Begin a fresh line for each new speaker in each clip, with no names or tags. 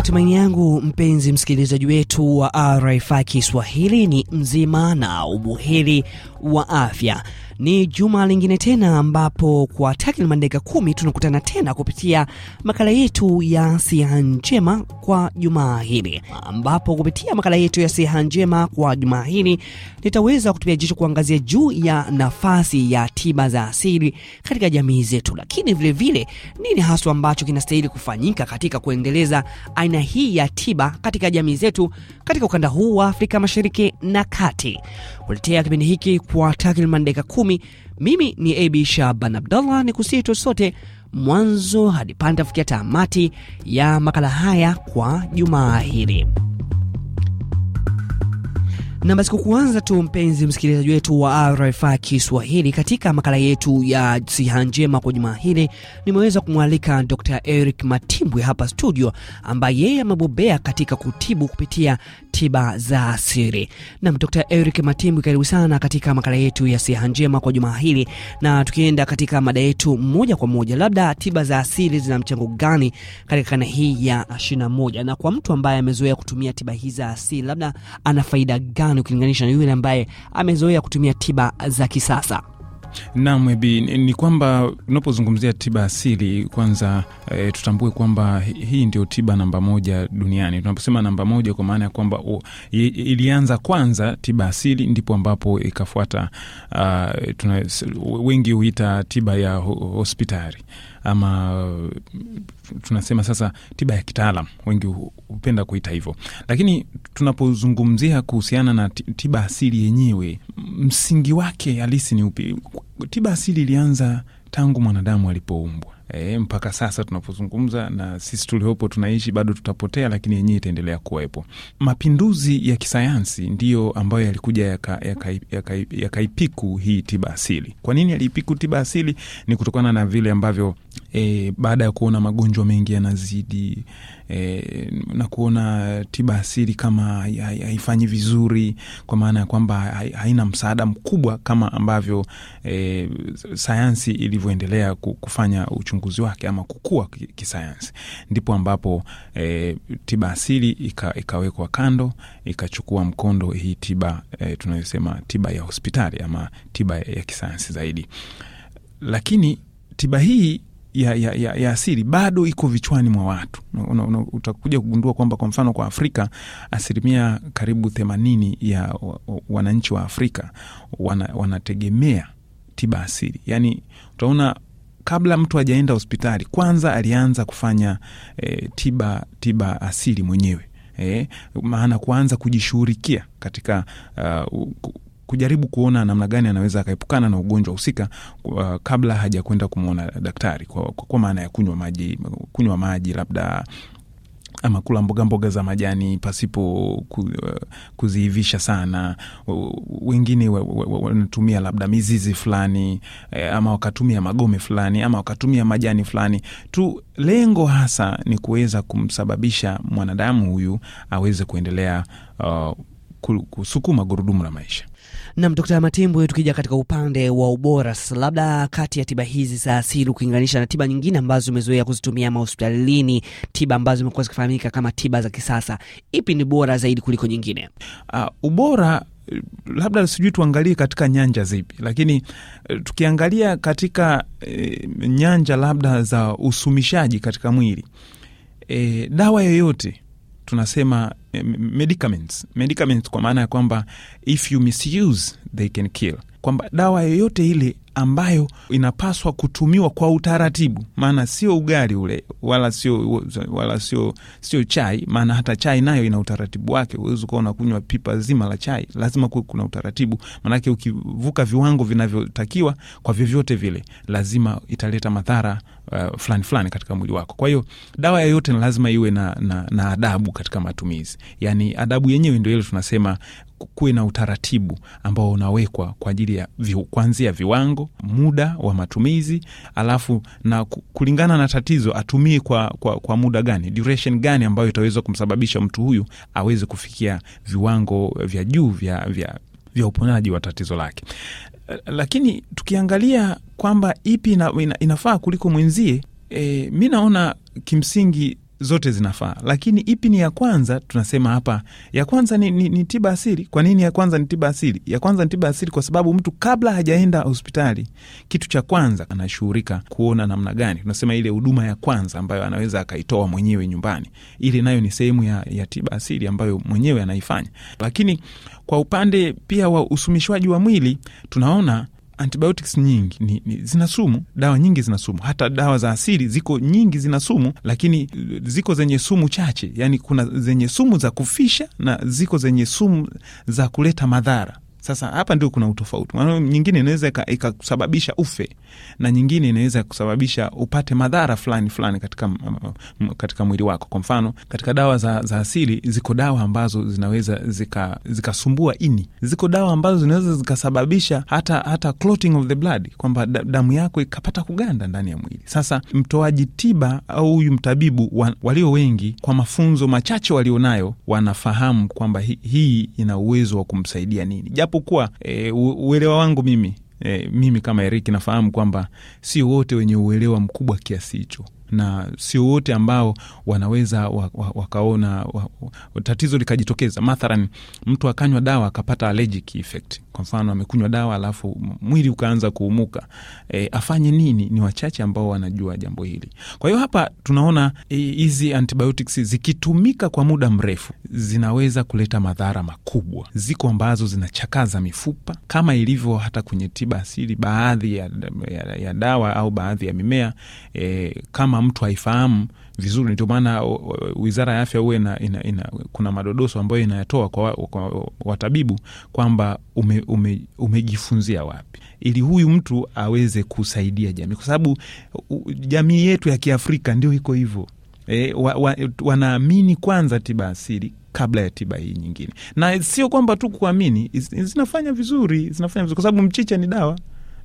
Matumaini yangu mpenzi msikilizaji wetu wa RFI Kiswahili ni mzima na ubuheri wa afya. Ni juma lingine tena ambapo kwa takriban dakika kumi tunakutana tena kupitia makala yetu ya siha njema kwa jumaa hili, ambapo kupitia makala yetu ya siha njema kwa jumaa hili nitaweza kutupia jicho kuangazia juu ya nafasi ya tiba za asili katika jamii zetu, lakini vilevile vile, nini haswa ambacho kinastahili kufanyika katika kuendeleza aina hii ya tiba katika jamii zetu katika ukanda huu wa Afrika Mashariki na Kati. Kuletea kipindi hiki kwa takriban dakika kumi, mimi ni AB Shaban Abdallah, ni kusitu sote mwanzo hadi pande fikia tamati ya makala haya kwa jumaa hili. Na basi kwa kuanza tu mpenzi msikilizaji wetu wa rfa Kiswahili, katika makala yetu ya siha njema kwa jumaa hili nimeweza kumwalika Dr. Eric Matimbwe hapa studio, ambaye yeye amebobea katika kutibu kupitia tiba za asili. Nam Dr. Eric Matimbwe, karibu sana katika makala yetu ya siha njema kwa jumaa hili, na tukienda katika mada yetu moja kwa moja, labda tiba za asili zina mchango gani katika kana hii ya 21 na kwa mtu ambaye amezoea kutumia tiba hizi za asili, labda ana faida gani sana ukilinganisha na yule ambaye amezoea kutumia tiba za kisasa.
nam Bi, ni kwamba unapozungumzia tiba asili kwanza, e, tutambue kwamba hii ndio tiba namba moja duniani. Tunaposema namba moja, kwa maana ya kwamba ilianza kwanza tiba asili, ndipo ambapo ikafuata, uh, wengi huita tiba ya hospitali ama tunasema sasa tiba ya kitaalam, wengi hupenda kuita hivyo. Lakini tunapozungumzia kuhusiana na tiba asili yenyewe, msingi wake halisi ni upi? Tiba asili ilianza tangu mwanadamu alipoumbwa. E, mpaka sasa tunapozungumza na sisi tuliopo tunaishi bado tutapotea, lakini yenyewe itaendelea kuwepo. Mapinduzi ya kisayansi ndiyo ambayo yalikuja yakaipiku yaka, yaka, yaka hii tiba asili. Kwa nini yaliipiku tiba asili? Ni kutokana na vile ambavyo e, baada ya kuona magonjwa mengi yanazidi e, na kuona tiba asili kama haifanyi vizuri, kwa maana ya kwamba haina msaada mkubwa kama ambavyo e, sayansi ilivyoendelea kufanya uchunguzi wake ama kukua kisayansi, ndipo ambapo e, tiba asili ika, ikawekwa kando ikachukua mkondo hii tiba e, tunayosema tiba ya hospitali ama tiba ya kisayansi zaidi, lakini tiba hii ya, ya, ya, ya asili bado iko vichwani mwa watu. Una, una, utakuja kugundua kwamba kwa mfano kwa Afrika asilimia karibu themanini ya wananchi wa Afrika wana, wanategemea tiba asili. Yani utaona kabla mtu ajaenda hospitali kwanza alianza kufanya e, tiba, tiba asili mwenyewe. E, maana kuanza kujishughurikia katika uh, kujaribu kuona namna gani anaweza akaepukana na ugonjwa husika uh, kabla haja kwenda kumwona daktari kwa, kwa, kwa maana ya kunywa maji, kunywa maji labda ama kula mboga mboga za majani pasipo uh, kuziivisha sana. Wengine wanatumia labda mizizi fulani eh, ama wakatumia magome fulani ama wakatumia majani fulani tu. Lengo hasa ni kuweza kumsababisha mwanadamu huyu aweze kuendelea uh, kusukuma gurudumu la maisha.
Nam Dr. Matimbwe, tukija katika upande wa ubora, labda kati ya tiba hizi za asili ukilinganisha na tiba nyingine ambazo umezoea kuzitumia mahospitalini, tiba ambazo zimekuwa zikifahamika kama tiba za kisasa, ipi ni bora zaidi kuliko
nyingine? Uh, ubora labda sijui tuangalie katika nyanja zipi, lakini eh, tukiangalia katika e, nyanja labda za usumishaji katika mwili e, dawa yoyote tunasema medicaments, medicaments kwa maana ya kwamba if you misuse they can kill, kwamba dawa yoyote ile ambayo inapaswa kutumiwa kwa utaratibu, maana sio ugali ule wala sio wala sio sio chai, maana hata chai nayo ina utaratibu wake. uwezi ukawa unakunywa pipa zima la chai, lazima kuwe kuna utaratibu, maanake ukivuka viwango vinavyotakiwa kwa vyovyote vile, lazima italeta madhara uh, fulani fulani katika mwili wako. Kwa hiyo dawa yoyote lazima iwe na, na, na adabu katika matumizi, yani adabu yenyewe ndio ile tunasema kuwe na utaratibu ambao unawekwa kwa ajili ya vi, kuanzia viwango, muda wa matumizi, alafu na kulingana na tatizo atumie kwa, kwa, kwa muda gani, duration gani ambayo itaweza kumsababisha mtu huyu aweze kufikia viwango vya juu vya, vya vya uponaji wa tatizo lake. Lakini tukiangalia kwamba ipi ina, ina, inafaa kuliko mwenzie, e, mi naona kimsingi zote zinafaa, lakini ipi ni ya kwanza? Tunasema hapa ya kwanza ni, ni, ni tiba asili. Kwa nini ya kwanza ni tiba asili? Ya kwanza ni tiba asili kwa sababu mtu kabla hajaenda hospitali, kitu cha kwanza anashughurika kuona namna gani, tunasema ile huduma ya kwanza ambayo anaweza akaitoa mwenyewe nyumbani, ili nayo ni sehemu ya, ya tiba asili ambayo mwenyewe anaifanya. Lakini kwa upande pia wa usumishwaji wa mwili tunaona antibiotics nyingi ni, ni, zina sumu, dawa nyingi zina sumu. Hata dawa za asili ziko nyingi zina sumu, lakini eh, ziko zenye sumu chache. Yani kuna zenye sumu za kufisha na ziko zenye sumu za kuleta madhara. Sasa hapa ndio kuna utofauti, maana nyingine inaweza ikasababisha ufe na nyingine inaweza kusababisha upate madhara fulani fulani katika, katika mwili wako. Kwa mfano katika dawa za, za asili ziko dawa ambazo zinaweza zikasumbua zika ini, ziko dawa ambazo zinaweza zikasababisha hata, hata clotting of the blood, kwamba damu yako ikapata kuganda ndani ya mwili. Sasa mtoaji tiba au huyu mtabibu, walio wengi kwa mafunzo machache walionayo wanafahamu kwamba hii hi ina uwezo wa kumsaidia nini japokuwa e, uelewa wangu mimi e, mimi kama Eriki nafahamu kwamba si wote wenye uelewa mkubwa kiasi hicho na sio wote ambao wanaweza wakaona tatizo likajitokeza. Mathalan, mtu akanywa dawa akapata allergic effect. Kwa mfano, amekunywa dawa alafu mwili ukaanza kuumuka. E, afanye nini? Ni wachache ambao wanajua jambo hili. Kwa hiyo hapa tunaona hizi e, antibiotics zikitumika kwa muda mrefu zinaweza kuleta madhara makubwa. Ziko ambazo zinachakaza mifupa kama ilivyo hata kwenye tiba asili, baadhi ya, ya, ya dawa au baadhi ya mimea e, kama mtu haifahamu vizuri, ndio maana uh, uh, wizara ya afya huwe ina, ina, kuna madodoso ambayo inayatoa kwa, kwa watabibu kwamba ume, ume, umejifunzia wapi, ili huyu mtu aweze kusaidia jamii, kwa sababu jamii yetu ya Kiafrika ndio iko hivyo. E, wa, wa, wanaamini kwanza tiba asili kabla ya tiba hii nyingine, na sio kwamba tu kuamini, zinafanya vizuri, zinafanya vizuri kwa sababu mchicha ni dawa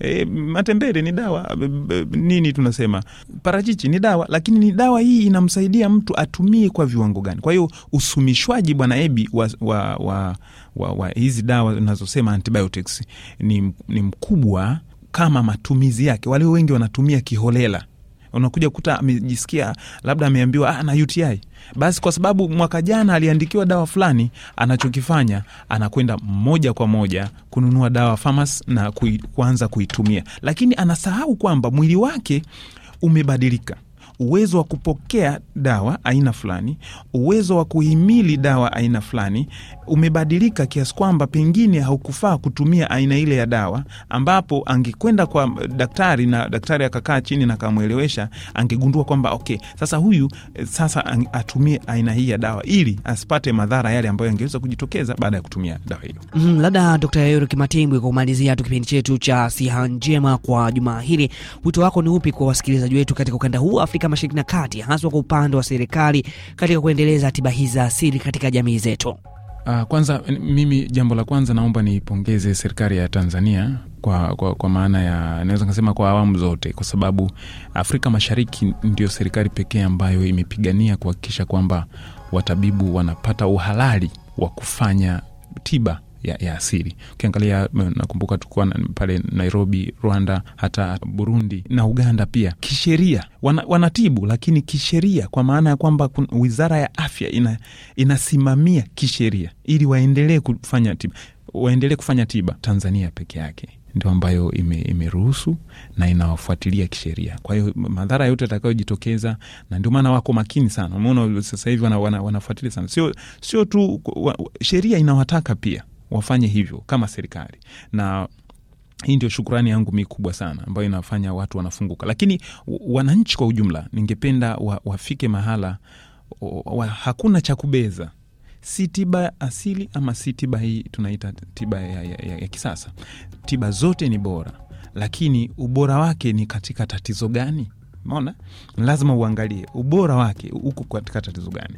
E, matembele ni dawa eh, nini, tunasema parachichi ni dawa, lakini ni dawa hii inamsaidia mtu atumie kwa viwango gani? Kwa hiyo usumishwaji bwana Ebi wa, wa, wa, wa, wa hizi dawa unazosema antibiotics ni, ni mkubwa kama matumizi yake. Walio wengi wanatumia kiholela unakuja kuta amejisikia labda ameambiwa ana ah, UTI, basi kwa sababu mwaka jana aliandikiwa dawa fulani, anachokifanya anakwenda moja kwa moja kununua dawa famasi na kui, kuanza kuitumia, lakini anasahau kwamba mwili wake umebadilika uwezo wa kupokea dawa aina fulani, uwezo wa kuhimili dawa aina fulani umebadilika kiasi kwamba pengine haukufaa kutumia aina ile ya dawa, ambapo angekwenda kwa daktari na daktari akakaa chini na akamwelewesha, angegundua kwamba okay, sasa huyu eh, sasa atumie aina hii ya dawa ili asipate madhara yale ambayo angeweza kujitokeza baada ya kutumia dawa hilo.
Mm, mm-hmm. labda Dkt. Ayoro Kimatembwe, kwa kumalizia tu kipindi chetu cha siha njema kwa jumaa hili, wito wako ni upi kwa wasikilizaji wetu katika ukanda huu Afrika katika mashirika kati, haswa kwa upande wa serikali katika kuendeleza tiba hizi za asili katika jamii zetu?
Uh, kwanza mimi jambo la kwanza naomba niipongeze serikali ya Tanzania kwa, kwa, kwa maana ya naweza kasema kwa awamu zote, kwa sababu Afrika Mashariki ndio serikali pekee ambayo imepigania kuhakikisha kwamba watabibu wanapata uhalali wa kufanya tiba ya, ya asili. Ukiangalia, nakumbuka tukuwa pale Nairobi, Rwanda, hata Burundi na Uganda pia kisheria wana, wanatibu lakini kisheria, kwa maana ya kwamba wizara ya afya ina, inasimamia kisheria ili waendelee kufanya tiba, waendelee kufanya tiba. Tanzania peke yake ndio ambayo imeruhusu ime na inawafuatilia kisheria. Kwa hiyo madhara yote atakayojitokeza, na ndio maana wako makini sana. Umeona sasa hivi wana, wana, wanafuatilia sana, sio sio tu sheria inawataka pia wafanye hivyo kama serikali na hii ndio shukurani yangu mi kubwa sana ambayo inafanya watu wanafunguka lakini wananchi kwa ujumla ningependa wa, wafike mahala wa, hakuna cha kubeza si tiba asili ama si tiba hii tunaita tiba ya, ya, ya, ya kisasa tiba zote ni bora lakini ubora wake ni katika tatizo gani mona lazima uangalie ubora wake huku katika tatizo gani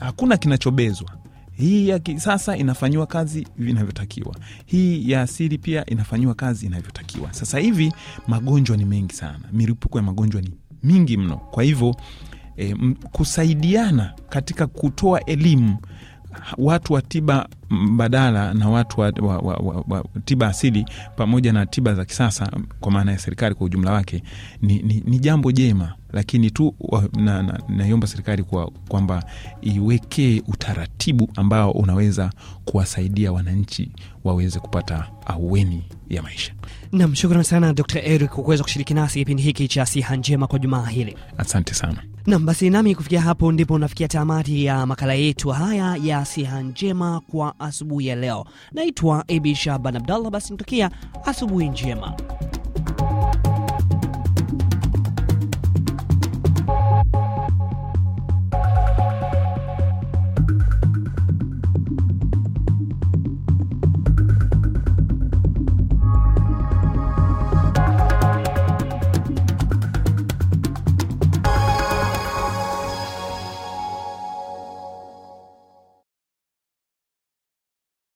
hakuna kinachobezwa hii ya kisasa inafanyiwa kazi inavyotakiwa, hii ya asili pia inafanyiwa kazi inavyotakiwa. Sasa hivi magonjwa ni mengi sana, miripuko ya magonjwa ni mingi mno. Kwa hivyo e, kusaidiana katika kutoa elimu watu wa tiba mbadala na watu wa, wa, wa, wa, wa tiba asili pamoja na tiba za kisasa, kwa maana ya serikali kwa ujumla wake, ni, ni, ni jambo jema, lakini tu naiomba na, na serikali kwamba kwa iwekee utaratibu ambao unaweza kuwasaidia wananchi waweze kupata aweni ya maisha.
Nam, shukran sana Dr Eric kwa kuweza kushiriki nasi kipindi hiki cha siha njema kwa jumaa hili. Asante sana. Nam, basi nami kufikia hapo ndipo unafikia tamati ya makala yetu haya ya siha njema kwa asubuhi ya leo. Naitwa Abi Shahban Abdallah, basi nitokia asubuhi njema.